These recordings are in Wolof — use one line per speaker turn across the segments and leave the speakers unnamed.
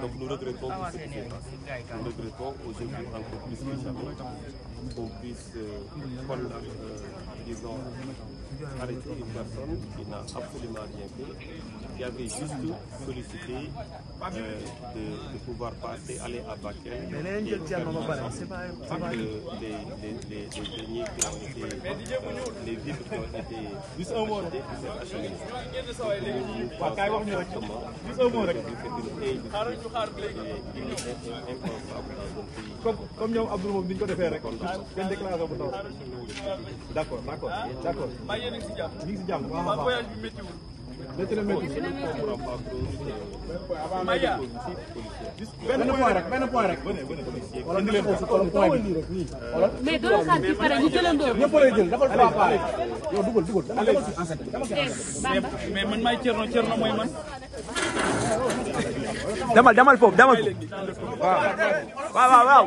Donc nous regrettons tout ce qui se passe. Nous regrettons aujourd'hui encore plus que jamais qu'on euh, puisse euh, disons, arrêter une personne qui n'a absolument qui avait juste sollicité euh, de, pouvoir passer, aller à Bakel. Et que les, les, les, derniers qui ont été, euh, les vivres qui ont été achetés, waaw kaay wax ñu rek gis nga rek xaaral ñu xaar léegi comme comme ñoom Abdou moom ni ñu ko defee rek benn déclaration bu taw d' accord d' accord d' accord ñu ngi si jàmm waaw waaw voyage bi méttiwul benn point rek benn point rek. wala ñu leen foofu kon point bi. mais doo xaar ci pare ñu mais man maay Thierno Thierno mooy man. demal demal foofu demal foofu. waaw waaw waaw.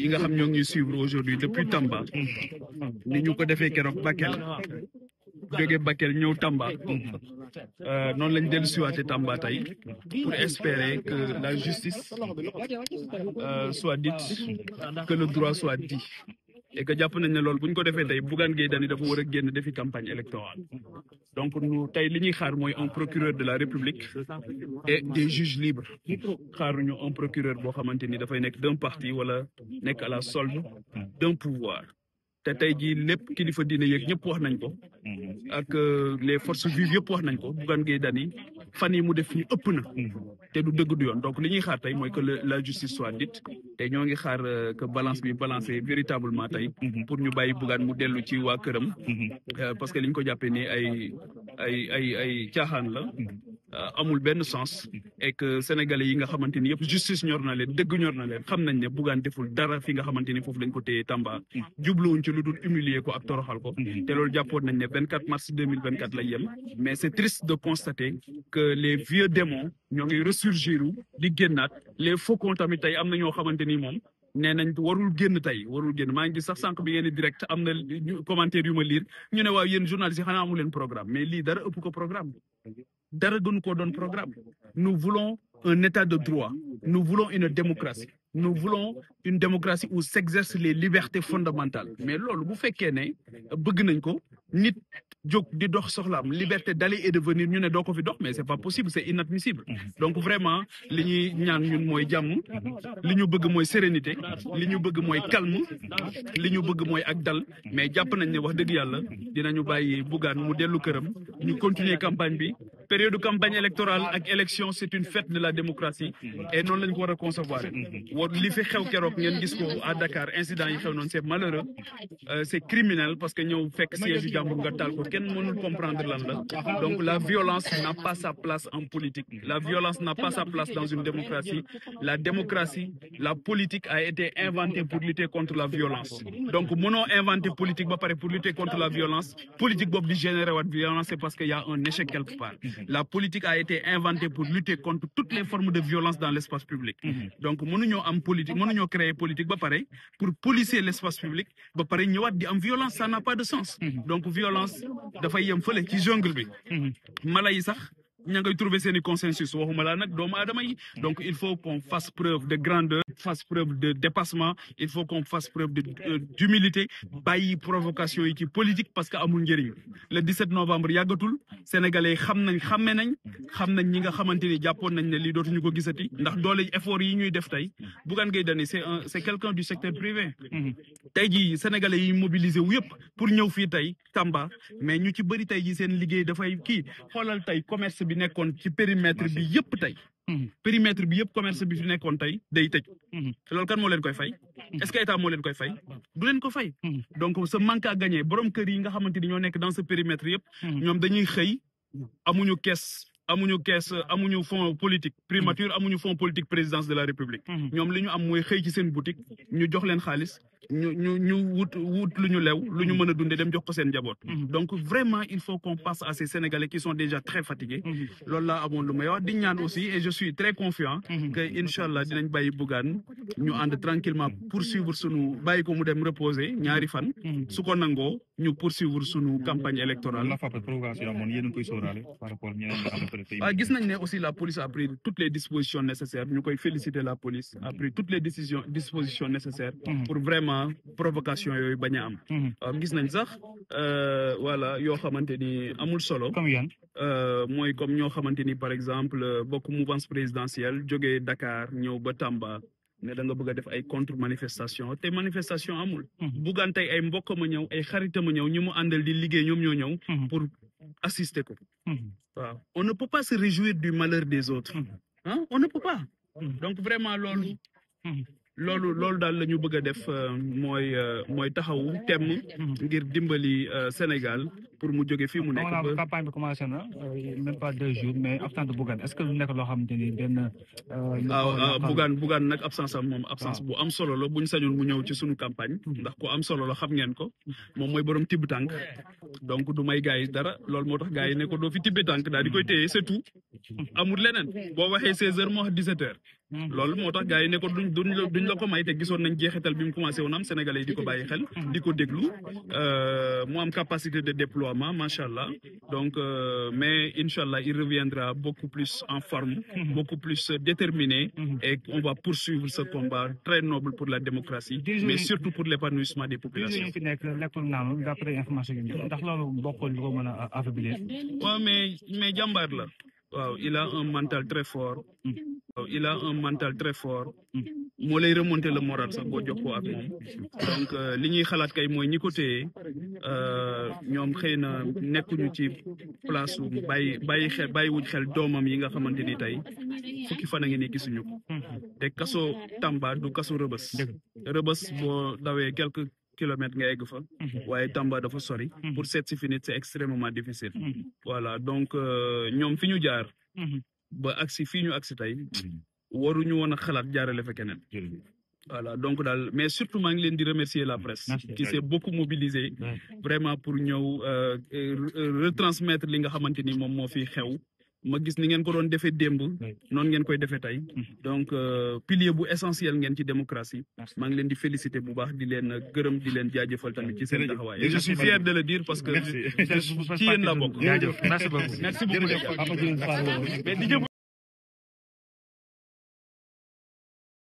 yi nga xam ñoo ngi suivre aujourd'hui depuis Tamba ni ñu ko defee keroog Bakel jóge Bakel ñëw Tamba euh, noonu lañ dellu siwaate Tamba tey pour espérer que la justice euh, soit dite que le droit soit dit et que jàpp nañ ne loolu bu ñu ko defee tey Bougane Gueye Dany dafa war a génn defi campagne électorale donc nu tey li ñuy xaar mooy un procureur de la République et des juges libres xaaruñu un procureur boo xamante ni dafay nekk d'un parti wala nekk à la solde d'un pouvoir te tey jii lépp kilifa diine yeeg ñëpp wax nañ ko ak euh, les forces vives yëpp wax nañ ko Bougane Gueye Dany fan yi mu def ni ëpp na mm-hmm. te du dëgg du yoon donc li ñuy xaar tey mooy que la justice soit dite te ñoo ngi xaar euh, que balance bi balancé véritablement tey mm-hmm. pour ñu bàyyi Bougane mu dellu ci waa këram mm-hmm. euh, parce que li ñu ko jàppee ni ay ay ay ay caaxaan la Euh, amul benn sens et que sénégalais yi nga xamante ni yëpp justice ñor na leen dëgg ñor na leen xam nañ ne Bougane deful dara fi nga xamante ni foofu lañ ko téye Tamba jubluwuñ ci lu dul humilier ko ak toroxal ko te loolu jàppoon nañ ne 24 mars 2024 lay yem mais c'est triste de constater que les vieux démons ñoo ngi ressurgir di génnaat les faucons tamit tey am na ñoo xamante ni moom nee nañ warul génn tey warul génn maa ngi gis sax sànq bi ngeen di direct am na commentaire yu ma lire ñu ne waaw yéen journalistes yi xanaa amu leen programme mais lii dara ëpp ko programme dara gënu ko doon programme nous voulons un état de droit nous voulons une démocratie nous voulons une démocratie où s'exercent les libertés fondamentales mais loolu bu fekkee ne bëgg nañ ko nit jóg di dox soxlaam liberté d'aller et de venir ñu ne doo ko fi dox mais c'est pas possible c'est inadmissible donc vraiment li ñuy ñaan ñun mooy jàmm li ñu bëgg mooy sérénité li ñu bëgg mooy calme li ñu bëgg mooy ak dal mais jàpp nañ ne wax dëgg yàlla dinañu bàyyi Bougane mu dellu këram ñu continuer campagne bi période campagne électorale ak élection c' est une fête de la démocratie et noonu la ñu a concevoir wa li fi xew keroog ngeen gis à Dakar incident yi xew noonu c' est malheureux euh, c' criminel parce que ñëw fekk siège yu jàmbur nga taal ko kenn mënul comprendre lan la donc la violence n'a pas sa place en politique la violence n'a pas sa place dans une démocratie la démocratie la politique a été inventée pour lutter contre la violence donc mënoo que la politique a été inventée pour lutter contre toutes les formes de violence dans l'espace public mm-hmm. donc mënuñoo am politique mënuñoo créer politique ba pare pour policier l'espace public ba pare di am violence ça n'a pas de sens mm-hmm. donc violence dafay yem fële ci jungle bi mm-hmm. mala sax ña ngay trouver seen i consensus waxuma laa nag doomu aadama yi donc il faut qu'on fasse preuve de grandeur fasse preuve de dépassement il faut qu'on fasse preuve de euh, d'humilité bàyyi provocation yi ci politique parce que amul njëriñ le 17 novembre yàggatul sénégalais xam nañ xamme nañ xam nañ ñi nga xamante nañ ne lii dootuñu ko gisati ndax doole effort yi ñuy def tey Bougane Gueye Dany c'est un c'est quelqu'un du secteur privé tey jii sénégalais yi mobilisé pour ñëw fii tey Tamba mais ñu ci bëri tey jii seen liggéey dafay kii xoolal bi nekkoon ci périmètre bi yëpp tey. Mhm. périmètre bi yëpp commerce bi fi nekkoon tey day tëj. Mhm. lool kan moo leen koy fay. Mhm. est-ce que état moo leen koy fay. du leen ko fay. donc ce manque à gagner borom kër yi nga xamante ni ñoo nekk dans ce périmètre yëpp. ñoom dañuy xëy ñu kees. amuñu kees amuñu fonds politique primature ñu fonds politique présidence de la république ñoom li ñu am mooy xëy ci seen boutique ñu jox leen xaalis ñu ñu ñu wut wut lu ñu lew lu ñu mm-hmm. mën a dundee dem jox ko seen njaboot. Mm-hmm. donc vraiment il faut qu'on passe à qui sont déjà très fatigués. Mm-hmm. loolu amoon lu may wax di ñaan aussi et je suis très confiant. que incha dinañ bàyyi Bougane ñu ànd tranquillement poursuivre sunu bàyyi ko dem reposer ñaari fan. su ñu poursuivre sunu campagne électorale. waaw ah, gis nañ ne aussi la police a toutes les dispositions nécessaires ñu koy féliciter la police a vraiment provocation yooyu bañ a am. Mhm. Euh, gis nañ sax euh, voilà yoo xamante ni amul solo. comme yan euh, mooy comme ñoo xamante ni par exemple bokk mouvance présidentielle jógee Dakar ñëw ba Tamba. ne da nga bëgg a def ay contre manifestation te manifestation amul. Mhm. buggante ay mbokk ma ñëw ay xaritam a ñëw ñu mu àndal di liggéey ñoom ñoo ñëw. Mhm. pour assister ko. waaw on ne peut se réjouir du malheur des autres. on ne peut donc vraiment loolu. loolu loolu daal la ñu bëgg a def euh, mooy euh, mooy taxawu temm ngir dimbali euh, Sénégal pour mu jóge fii mu nekk ba campagne bi na même pas deux jours mais absence de Bougane est-ce que lu nekk loo xam ne benn. waaw ah, ah, Bougane Bougane nag absence am moom absence bu am solo la bu ñu mu ñëw ci suñu campagne. Hmm. ndax ku am solo la xam ngeen ko moom mooy borom tibb tànk donc du may gars yi dara loolu moo tax gars yi ne ko doo fi tibbi tànk daal di koy téye c'est tout amul leneen boo waxee seize heures moo wax dix-sept loolu moo tax gars yi ne ko duñ duñ la ko may te gisoon nañ jeexital bi mu commencé woon am sénégalais yi di ko bàyyi xel. di ko déglu euh, mu am capacité de déploiement macha allah donc euh, mais incha allah il reviendra beaucoup plus en forme. beaucoup plus déterminé. et on va poursuivre ce combat très noble pour la démocratie. mais surtout pour l'épanouissement des populations. waaw mais mais jàmbaar la. il a un mental très fort. il a un mental très fort moo lay remonter le moral sax boo jokkoo ak moom donc euh, li ñuy xalaat kay mooy ñi ko téye euh, ñoom xëy na nekkuñu ci place su bàyyi bàyyi xel xel doomam yi nga xamante ni tey fukki fan a ngi nii gisuñu te kaso Tamba du kaso Rëbës Rëbës boo dawee quelques kilomètres nga egg fa waaye Tamba dafa sori pour seet si fi nit c'est difficile voilà donc euh, ñoom fi ñu jaar ba agsi fii ñu agsi tey waruñu woon a xalaat jaarale fa keneen voilà donc daal mais surtout maa ngi leen di remercier la presse qui s'est beaucoup mobilisée vraiment pour ñëw euh, retransmettre li nga xamante ni moom moo fi xew ma gis ni ngeen ko doon defee démb mm-hmm. noonu ngeen koy defee tey mm-hmm. donc euh, pilier bu essentiel ngeen ci démocratie maa ngi leen di féliciter bu baax di leen gërëm di leen jaajëfal tamit ci seen taxawaay je suis fier de le dire parce que ci yéen la bokk merci beaucoup merci beaucoup